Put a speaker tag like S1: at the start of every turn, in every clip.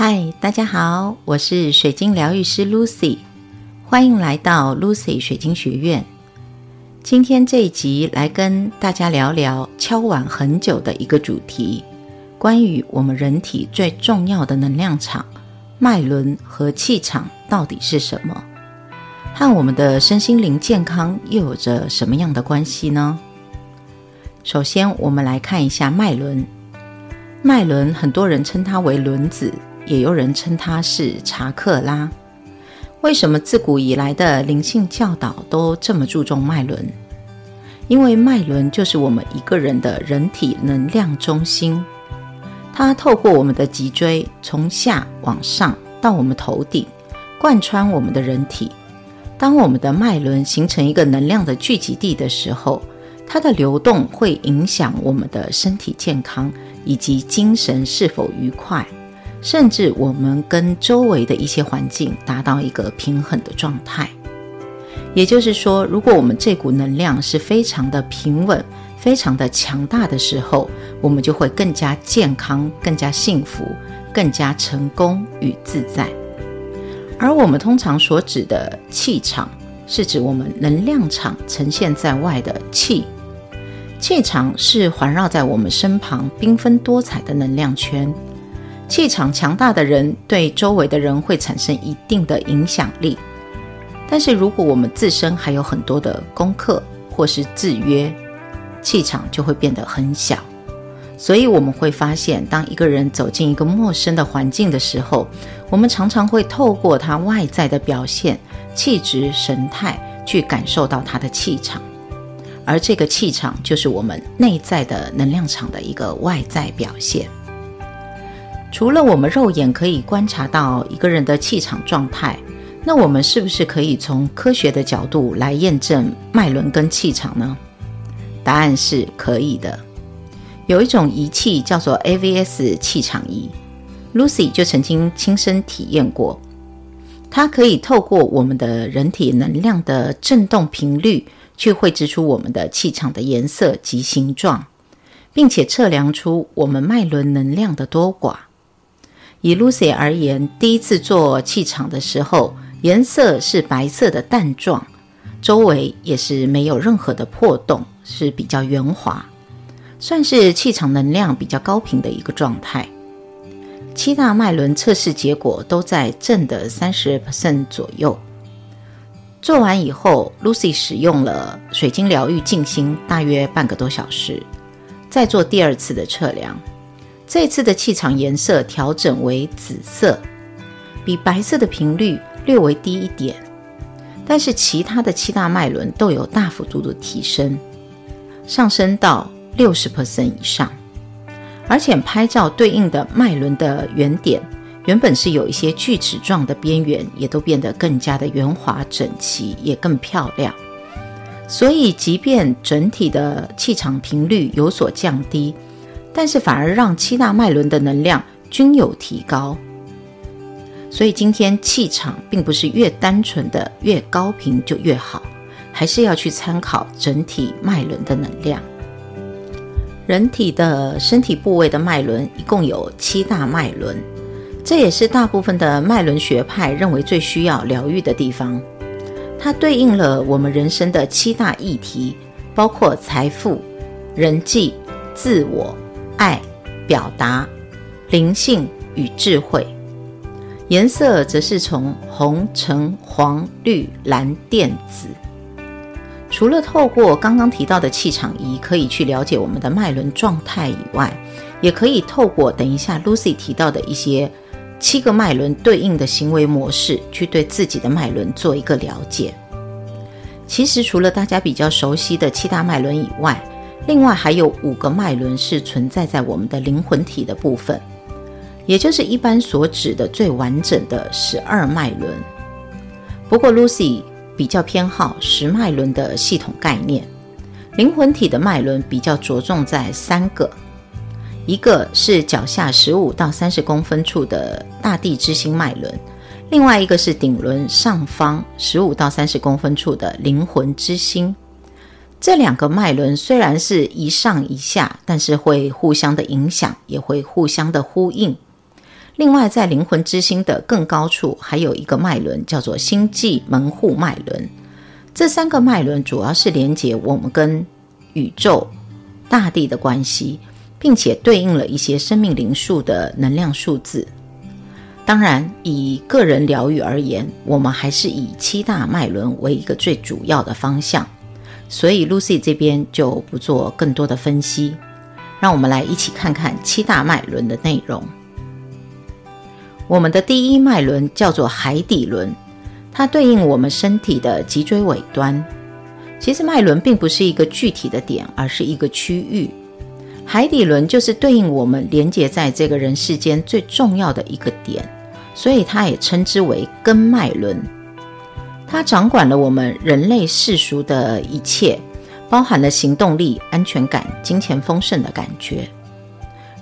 S1: 嗨，大家好，我是水晶療癒師 Lucy，歡迎來到 Lucy 水晶學院。今天這一集來跟大家聊聊敲碗很久的一個主題，關於我們人體最重要的能量場——脈輪和氣場到底是什麼，和我們的身心靈健康又有着什麼樣的關係呢？首先，我們來看一下脈輪。脈輪，很多人稱它為輪子。也有人稱它是查克拉。為什麼自古以來的靈性教導都這麼注重脈輪？因為脈輪就是我們一個人的人體能量中心。它透過我們的脊椎，從下往上到我們頭頂，貫穿我們的人體。當我們的脈輪形成一個能量的聚集地的時候，它的流動會影響我們的身體健康以及精神是否愉快。甚至我們跟周圍的一些環境達到一個平衡的狀態。也就是說，如果我們這股能量是非常的平穩、非常的強大的時候，我們就會更加健康、更加幸福、更加成功與自在。而我們通常所指的氣場，是指我們能量場呈現在外的氣。氣場是環繞在我們身旁繽紛多彩的能量圈。氣場強大的人對周圍的人會產生一定的影響力，但是如果我們自身還有很多的功課或是制約，氣場就會變得很小。所以我們會發現，當一個人走進一個陌生的環境的時候，我們常常會透過他外在的表現、氣質、神態去感受到他的氣場，而這個氣場就是我們內在的能量場的一個外在表現。除了我們肉眼可以觀察到一個人的氣場狀態，那我們是不是可以從科學的角度來驗證脈輪跟氣場呢？答案是可以的。有一種儀器叫做 AVS 氣場儀，Lucy 就曾經親身體驗過。它可以透過我們的人體能量的振動頻率，去繪製出我們的氣場的顏色及形狀，並且測量出我們脈輪能量的多寡。以 Lucy 而言，第一次做氣場的時候，顏色是白色的蛋狀，周圍也是沒有任何的破洞，是比較圓滑，算是氣場能量比較高頻的一個狀態。七大脈輪測試結果都在正的三十 percent 左右。做完以後，Lucy 使用了水晶療癒進行大約半個多小時，再做第二次的測量。這次的氣場顏色調整為紫色，比白色的頻率略微低一點，但是其他的七大脈輪都有大幅度的提升，上升到六十 percent 以上。而且拍照對應的脈輪的圓點，原本是有一些鋸齒狀的邊緣，也都變得更加的圓滑整齊，也更漂亮。所以，即便整體的氣場頻率有所降低。但是反而讓七大脈輪的能量均有提高，所以今天氣場並不是越單純的越高頻就越好，還是要去參考整體脈輪的能量。人體的身體部位的脈輪一共有七大脈輪，這也是大部分的脈輪學派認為最需要療癒的地方。它對應了我們人生的七大議題，包括財富、人際、自我。愛表達靈性與智慧，顏色則是從紅、橙、黃、綠、藍、靛、紫。除了透過剛剛提到的氣場儀可以去了解我們的脈輪狀態以外，也可以透過等一下 Lucy 提到的一些七個脈輪對應的行為模式去對自己的脈輪做一個了解。其實除了大家比較熟悉的七大脈輪以外，另外還有五個脈輪是存在在我們的靈魂體的部分，也就是一般所指的最完整的十二脈輪。不過 Lucy 比較偏好十脈輪的系統概念，靈魂體的脈輪比較着重在三個，一個是腳下十五到三十公分處的大地之星脈輪，另外一個是頂輪上方十五到三十公分處的靈魂之星。這兩個脈輪雖然是一上一下，但是會互相的影響，也會互相的呼應。另外，在靈魂之星的更高處，還有一個脈輪，叫做星際門戶脈輪。這三個脈輪主要是連接我們跟宇宙、大地的關係，並且對應了一些生命靈數的能量數字。當然，以個人療癒而言，我們還是以七大脈輪為一個最主要的方向。所以，Lucy 這邊就不做更多的分析，讓我們來一起看看七大脈輪的內容。我們的第一脈輪叫做海底輪，它對應我們身體的脊椎尾端。其實，脈輪並不是一個具體的點，而是一個區域。海底輪就是對應我們連接在這個人世間最重要的一個點，所以它也稱之為根脈輪。它掌管了我們人類世俗的一切，包含了行動力、安全感、金錢豐盛的感覺。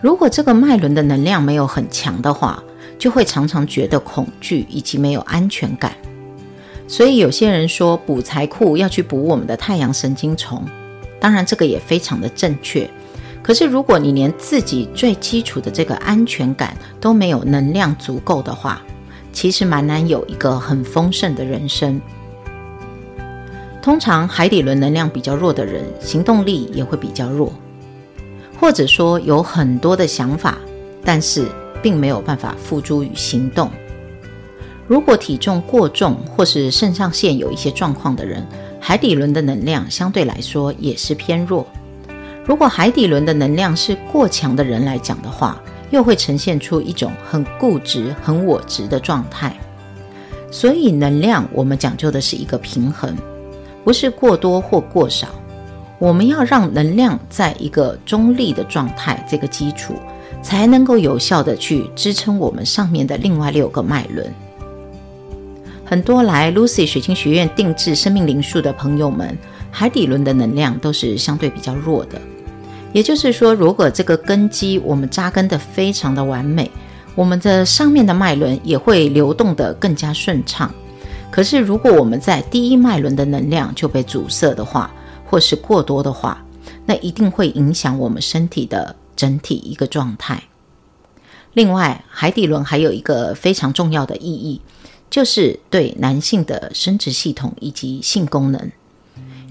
S1: 如果這個脈輪的能量沒有很強的話，就會常常覺得恐懼以及沒有安全感。所以有些人說，補財庫要去補我們的太陽神經叢，當然這個也非常的正確。可是如果你連自己最基礎的這個安全感都沒有能量足夠的話，其實蠻難有一個很豐盛的人生。通常海底輪能量比較弱的人，行動力也會比較弱，或者說有很多的想法，但是並沒有辦法付諸於行動。如果體重過重或是腎上腺有一些狀況的人，海底輪的能量相對來說也是偏弱。如果海底輪的能量是過強的人來講的話，又會呈現出一種很固執、很我執的狀態，所以能量我們講究的是一個平衡，不是過多或過少。我們要讓能量在一個中立的狀態，這個基礎才能夠有效的去支撐我們上面的另外六個脈輪。很多來 Lucy 水晶學院定制生命靈數的朋友們，海底輪的能量都是相對比較弱的。也就是說，如果這個根基我們紮根得非常的完美，我們的上面的脈輪也會流動得更加順暢。可是，如果我們在第一脈輪的能量就被阻塞的話，或是過多的話，那一定會影響我們身體的整體一個狀態。另外，海底輪還有一個非常重要的意義，就是對男性的生殖系統以及性功能。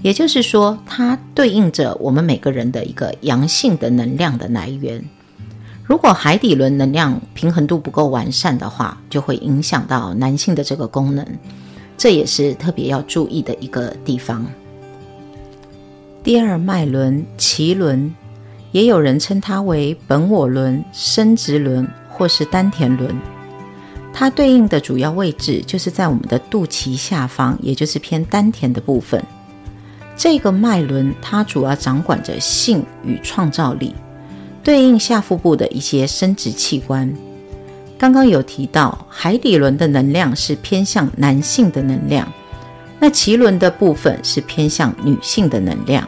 S1: 也就是說，它對應着我們每個人的一個陽性的能量的來源。如果海底輪能量平衡度不夠完善的話，就會影響到男性的這個功能，這也是特別要注意的一個地方。第二脈輪臍輪，也有人稱它為本我輪、生殖輪或是丹田輪。它對應的主要位置就是在我們的肚臍下方，也就是偏丹田的部分。這個脈輪它主要掌管着性與創造力，對應下腹部的一些生殖器官。剛剛有提到海底輪的能量是偏向男性的能量，那臍輪的部分是偏向女性的能量，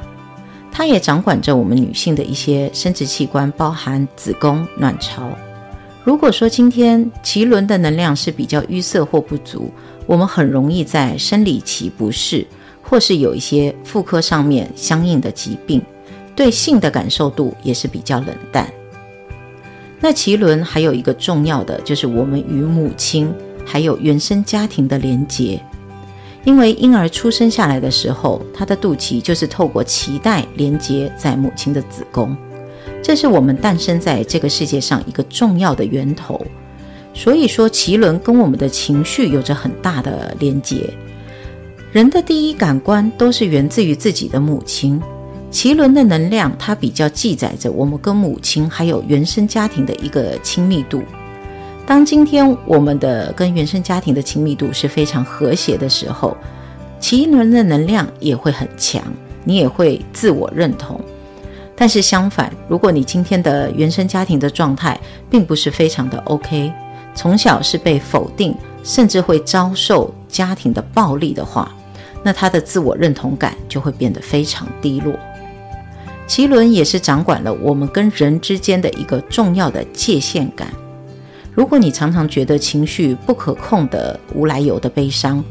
S1: 它也掌管着我們女性的一些生殖器官，包含子宮、卵巢。如果說今天臍輪的能量是比較淤塞或不足，我們很容易在生理期不適。或是有一些婦科上面相應的疾病，對性的感受度也是比較冷淡。那臍輪還有一個重要的，就是我們與母親還有原生家庭的連結，因為嬰兒出生下來的時候，他的肚臍就是透過臍帶連接在母親的子宮，這是我們誕生在這個世界上一個重要的源頭。所以說，臍輪跟我們的情緒有着很大的連接。人的第一感官都是源自於自己的母親，臍輪的能量它比較記載着我們跟母親還有原生家庭的一個親密度。當今天我們的跟原生家庭的親密度是非常和諧的時候，臍輪的能量也會很強，你也會自我認同。但是相反，如果你今天的原生家庭的狀態並不是非常的 OK，從小是被否定，甚至會遭受家庭的暴力的話，那他的自我認同感就會變得非常低落。臍輪也是掌管了我們跟人之間的一個重要的界限感。如果你常常覺得情緒不可控的無來由的悲傷，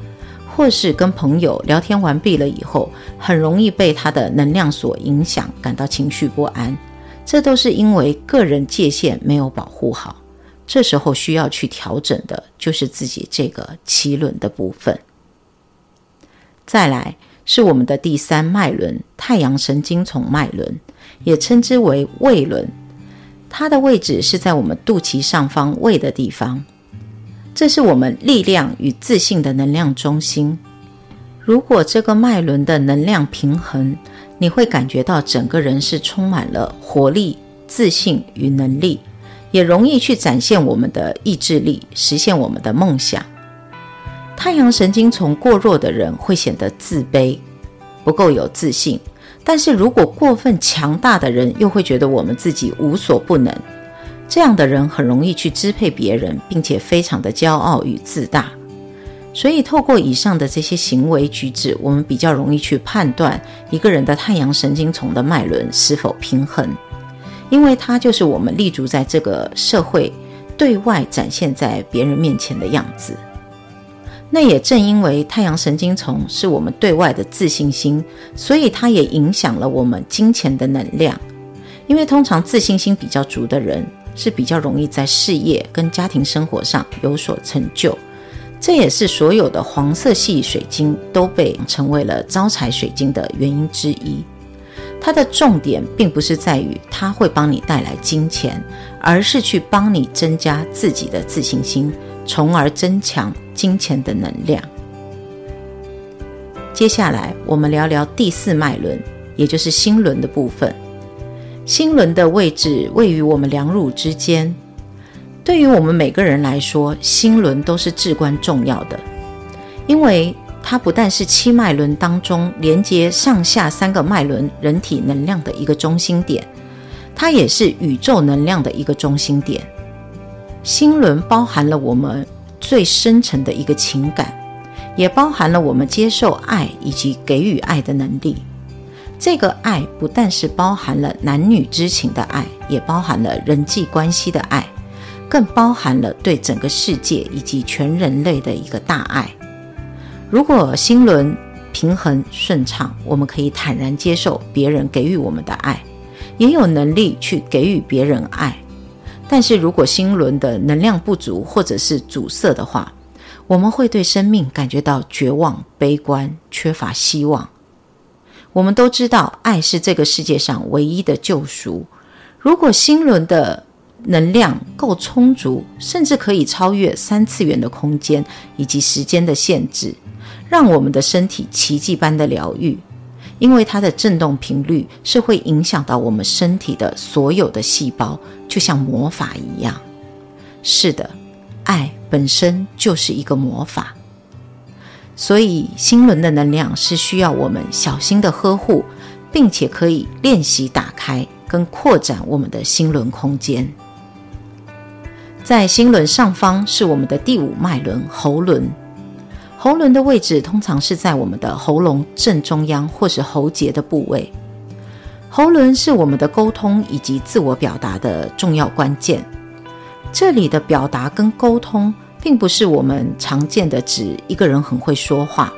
S1: 或是跟朋友聊天完畢了以後，很容易被他的能量所影響，感到情緒不安，這都是因為個人界限沒有保護好。這時候需要去調整的就是自己這個臍輪的部分。再來是我們的第三脈輪——太陽神經叢脈輪，也稱之為胃輪。它的位置是在我們肚臍上方胃的地方，這是我們力量與自信的能量中心。如果這個脈輪的能量平衡，你會感覺到整個人是充滿了活力、自信與能力，也容易去展現我們的意志力，實現我們的夢想。太陽神經叢過弱的人會顯得自卑，不夠有自信；但是如果過分強大的人，又會覺得我們自己無所不能。這樣的人很容易去支配別人，並且非常的驕傲與自大。所以，透過以上的這些行為舉止，我們比較容易去判斷一個人的太陽神經叢的脈輪是否平衡，因為它就是我們立足在這個社會，對外展現在別人面前的樣子。那也正因為太陽神經叢是我們對外的自信心，所以它也影響了我們金錢的能量。因為通常自信心比較足的人是比較容易在事業跟家庭生活上有所成就。這也是所有的黃色系水晶都被成為了招財水晶的原因之一。它的重點並不是在於它會幫你帶來金錢，而是去幫你增加自己的自信心，從而增強。金錢的能量。接下來，我們聊聊第四脈輪，也就是心輪的部分。心輪的位置位於我們兩乳之間。對於我們每個人來說，心輪都是至關重要的，因為它不但是七脈輪當中連接上下三個脈輪人體能量的一個中心點，它也是宇宙能量的一個中心點。心輪包含了我們。最深層的一個情感，也包含了我們接受愛以及給予愛的能力。這個愛不但是包含了男女之情的愛，也包含了人際關係的愛，更包含了對整個世界以及全人類的一個大愛。如果心輪平衡順暢，我們可以坦然接受別人給予我們的愛，也有能力去給予別人愛。但是如果心輪的能量不足或者是阻塞的話，我們會對生命感覺到絕望、悲觀、缺乏希望。我們都知道，愛是這個世界上唯一的救贖。如果心輪的能量夠充足，甚至可以超越三次元的空間以及時間的限制，讓我們的身體奇蹟般的療癒，因為它的振動頻率是會影響到我們身體的所有的細胞。就像魔法一樣，是的，愛本身就是一個魔法。所以，心輪的能量是需要我們小心的呵護，並且可以練習打開跟擴展我們的心輪空間。在心輪上方是我們的第五脈輪——喉輪。喉輪的位置通常是在我們的喉嚨正中央或是喉結的部位。喉輪是我們的溝通以及自我表達的重要關鍵。這裡的表達跟溝通，並不是我們常見的指一個人很會說話，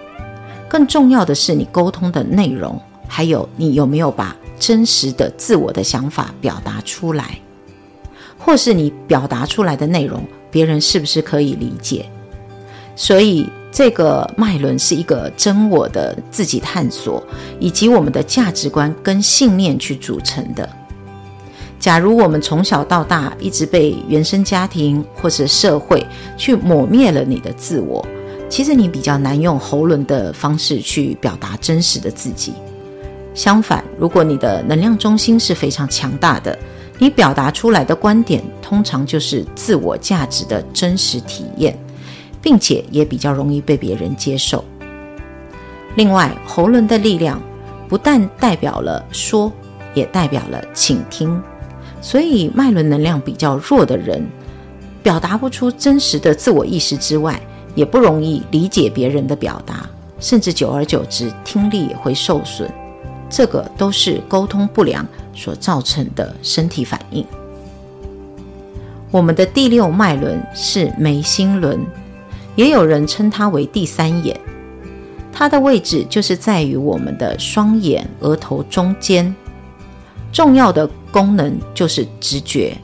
S1: 更重要的是你溝通的內容，還有你有沒有把真實的自我的想法表達出來，或是你表達出來的內容，別人是不是可以理解？所以，這個脈輪是一個真我的自己探索，以及我們的價值觀跟信念去組成的。假如我們從小到大一直被原生家庭或者社會去抹滅了你的自我，其實你比較難用喉輪的方式去表達真實的自己。相反，如果你的能量中心是非常強大的，你表達出來的觀點通常就是自我價值的真實體驗。並且也比較容易被別人接受。另外，喉輪的力量不但代表了說，也代表了傾聽。所以，脈輪能量比較弱的人，表達不出真實的自我意識之外，也不容易理解別人的表達，甚至久而久之聽力也會受損。這個都是溝通不良所造成的身體反應。我們的第六脈輪是眉心輪。也有人稱它為第三眼，它的位置就是在於我們的雙眼額頭中間。重要的功能就是直覺、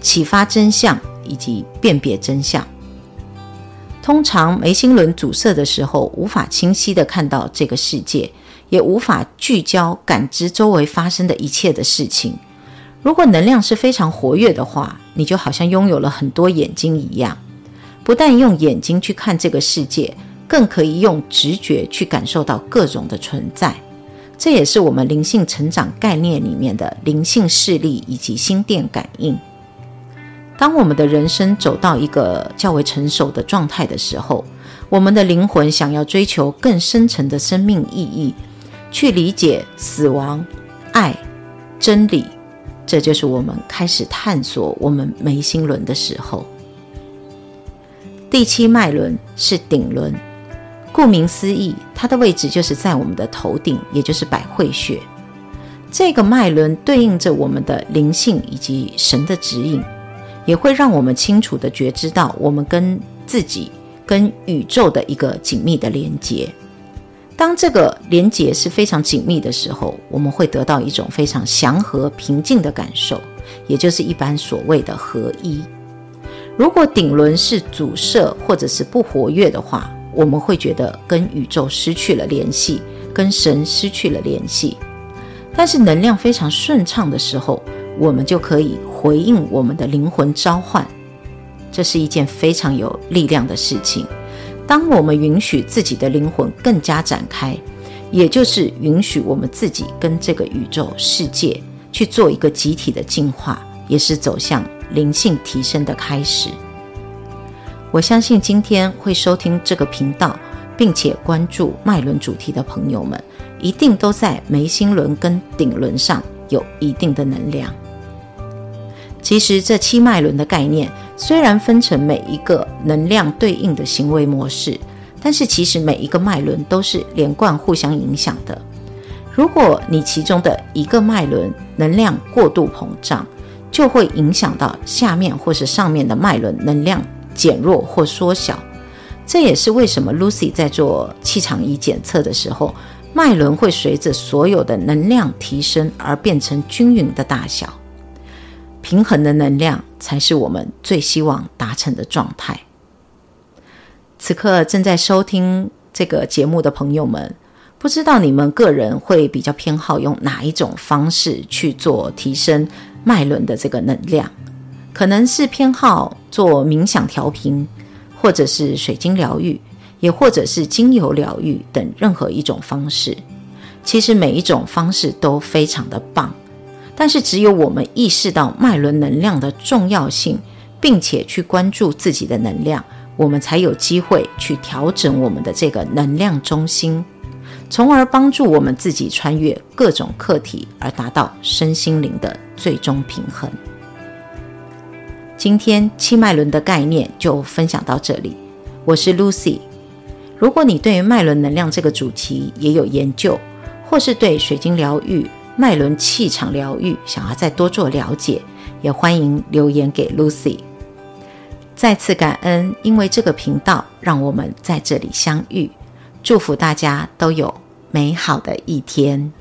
S1: 啟發真相以及辨別真相。通常眉心輪阻塞的時候，無法清晰地看到這個世界，也無法聚焦感知周圍發生的一切的事情。如果能量是非常活躍的話，你就好像擁有了很多眼睛一樣。不但用眼睛去看這個世界，更可以用直覺去感受到各種的存在。這也是我們靈性成長概念裡面的靈性視力以及心電感應。當我們的人生走到一個較為成熟的狀態的時候，我們的靈魂想要追求更深層的生命意義，去理解死亡、愛、真理。這就是我們開始探索我們眉心輪的時候。第七脈輪是頂輪，顧名思義，它的位置就是在我們的頭頂，也就是百會穴。這個脈輪對應着我們的靈性以及神的指引，也會讓我們清楚地覺知到我們跟自己、跟宇宙的一個緊密的連接。當這個連接是非常緊密的時候，我們會得到一種非常祥和、平靜的感受，也就是一般所謂的合一。如果頂輪是阻塞或者是不活躍的話，我們會覺得跟宇宙失去了聯繫，跟神失去了聯繫。但是能量非常順暢的時候，我們就可以回應我們的靈魂召喚。這是一件非常有力量的事情。當我們允許自己的靈魂更加展開，也就是允許我們自己跟這個宇宙世界去做一個集體的進化，也是走向。靈性提升的開始。我相信今天會收聽這個頻道，並且關注脈輪主題的朋友們，一定都在眉心輪跟頂輪上有一定的能量。其實這七脈輪的概念雖然分成每一個能量對應的行為模式，但是其實每一個脈輪都是連貫、互相影響的。如果你其中的一個脈輪能量過度膨脹，就會影響到下面或是上面的脈輪能量減弱或縮小，這也是為什麼 Lucy 在做氣場儀檢測的時候，脈輪會隨着所有的能量提升而變成均勻的大小。平衡的能量才是我們最希望達成的狀態。此刻正在收聽這個節目的朋友們，不知道你們個人會比較偏好用哪一種方式去做提升？脈輪的這個能量，可能是偏好做冥想調頻，或者是水晶療癒，也或者是精油療癒等任何一種方式。其實每一種方式都非常的棒，但是只有我們意識到脈輪能量的重要性，並且去關注自己的能量，我們才有機會去調整我們的這個能量中心。從而幫助我們自己穿越各種課題，而達到身心靈的最終平衡。今天七脈輪的概念就分享到這裡。我是 Lucy。如果你對於脈輪能量這個主題也有研究，或是對水晶療癒、脈輪氣場療癒想要再多做了解，也歡迎留言給 Lucy。再次感恩，因為這個頻道讓我們在這裡相遇。祝福大家都有美好的一天。